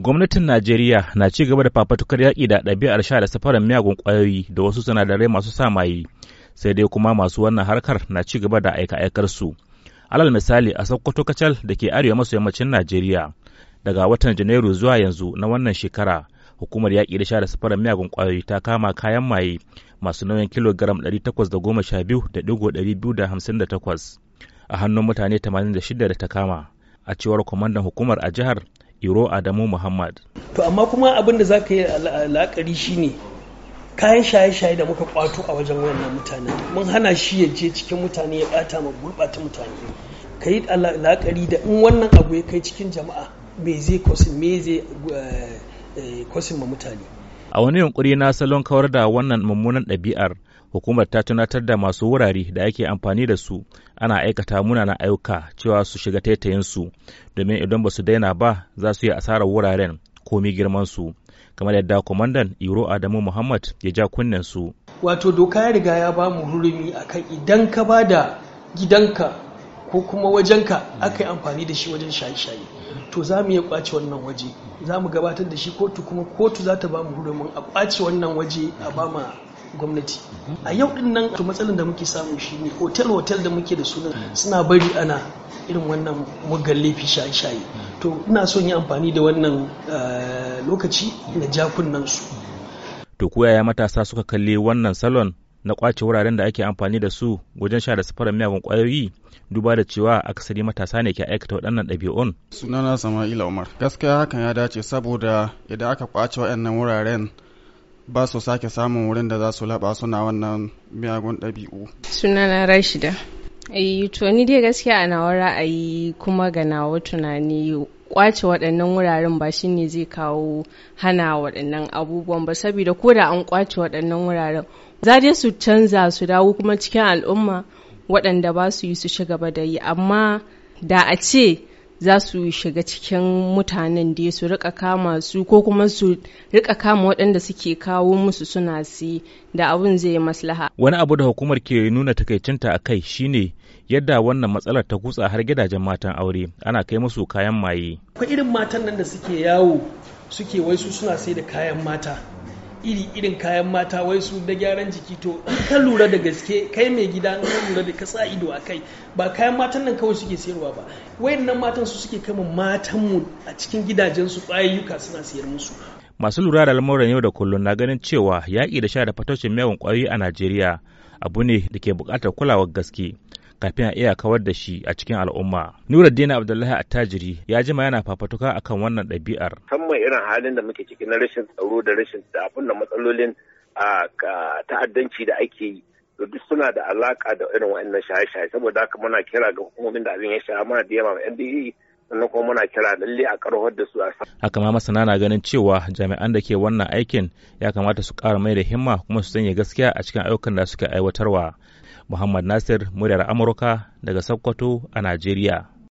Gwamnatin Najeriya na ci gaba da fafatukar yaƙi da ɗabi'ar sha da safarar miyagun ƙwayoyi da wasu sinadarai masu sa maye, sai dai kuma masu wannan harkar na ci gaba da aika aikarsu. su. Alal misali a Sokoto Kacal da ke arewa maso yammacin Najeriya, daga watan Janairu zuwa yanzu na wannan shekara, hukumar yaƙi da sha da safarar miyagun ƙwayoyi ta kama kayan maye masu nauyin kilogiram 812.258 a hannun mutane 86 da ta kama, a cewar kwamandan hukumar a jihar iro adamu muhammad to amma kuma abin da za ka yi la'akari ne kayan shaye-shaye da muka kwato a wajen wannan mutane mun hana shi ya je cikin mutane ya bata ma gurbata mutane ka yi la'akari da in wannan abu ya kai cikin jama'a me zai kwasin me zai kwasin eh, eh, ma mutane a wani yunkuri na salon kawar da wannan mummunan ɗabi'ar hukumar ta tunatar da masu wurare da ake amfani da su ana aikata na ayyuka cewa su shiga taitayinsu domin idan ba su daina ba za su yi asarar wuraren komi girman su kamar yadda kwamandan iro adamu muhammad ya ja kunnen su wato doka ya riga ya ba mu hurumi akan idan ka ba da gidanka ko kuma wajenka aka yi amfani da shi wajen shaye-shaye to za mu iya kwace wannan waje za mu gabatar da shi kotu kuma kotu za ta ba mu hurumin a kwace wannan waje a ba ma gwamnati a yau din nan to matsalar da muke samu shine hotel hotel da muke da su suna bari ana irin wannan muggan laifi shaye-shaye to ina son yi amfani da wannan eh, lokaci na jakunan su to ko matasa suka kalli wannan salon na kwace wuraren da ake amfani da su wajen sha da safarar miyagun kwayoyi duba da cewa akasari matasa ne ke aikata waɗannan ɗabi'un. sunana sama'ila umar gaskiya hakan ya dace saboda idan aka kwace waɗannan wuraren ba su sake samun wurin da za su laɓa suna wannan miyagun ɗabi'u. Sunana Rashida. Eh, to ni dai gaskiya a nawa ra'ayi kuma ga nawa tunani kwace waɗannan wuraren ba shi ne zai kawo hana waɗannan abubuwan ba saboda ko da an kwace waɗannan wuraren za dai su canza su dawo kuma cikin al'umma waɗanda ba su yi su ci gaba da yi amma da a ce za su shiga cikin mutanen da su rika kama su ko kuma su rika kama waɗanda suke kawo musu suna si da abun zai yi maslaha. Wani abu da hukumar ke nuna takaicinta a kai shine yadda wannan matsalar ta kutsa har gidajen matan aure ana kai musu kayan maye. Akwai irin matan nan da suke yawo suke wai su suna sai da kayan mata. iri irin kayan mata wai su da gyaran jiki to ka lura da gaske kai mai gida ka lura da ka ido a kai ba kayan matan nan kawai suke sayarwa ba wayannan matan su suke kama matan mu a cikin gidajen su kwayoyuka suna sayar musu masu lura da lamuran yau da kullun na ganin cewa yaƙi da sha da fatocin miyagun kwayoyi a Najeriya abu ne da ke buƙatar kulawar gaske kafin a iya kawar da shi a cikin al'umma. Nuruddin Abdullahi Attajiri ya jima yana fafatuka akan wannan ɗabi'ar. Musamman irin halin da muke ciki na rashin tsaro da rashin da abin da matsalolin ta'addanci da ake yi. duk suna da alaka da irin wa'annan shaye-shaye saboda haka muna kira ga hukumomin da abin ya sha mana da yawa ma sannan kuma muna kira lalle a karfar da su a haka ma masana na ganin cewa jami'an da ke wannan aikin ya kamata su ƙara mai da himma kuma su sanya gaskiya a cikin ayyukan da suke aiwatarwa muhammad nasir muryar amurka daga sokoto a najeriya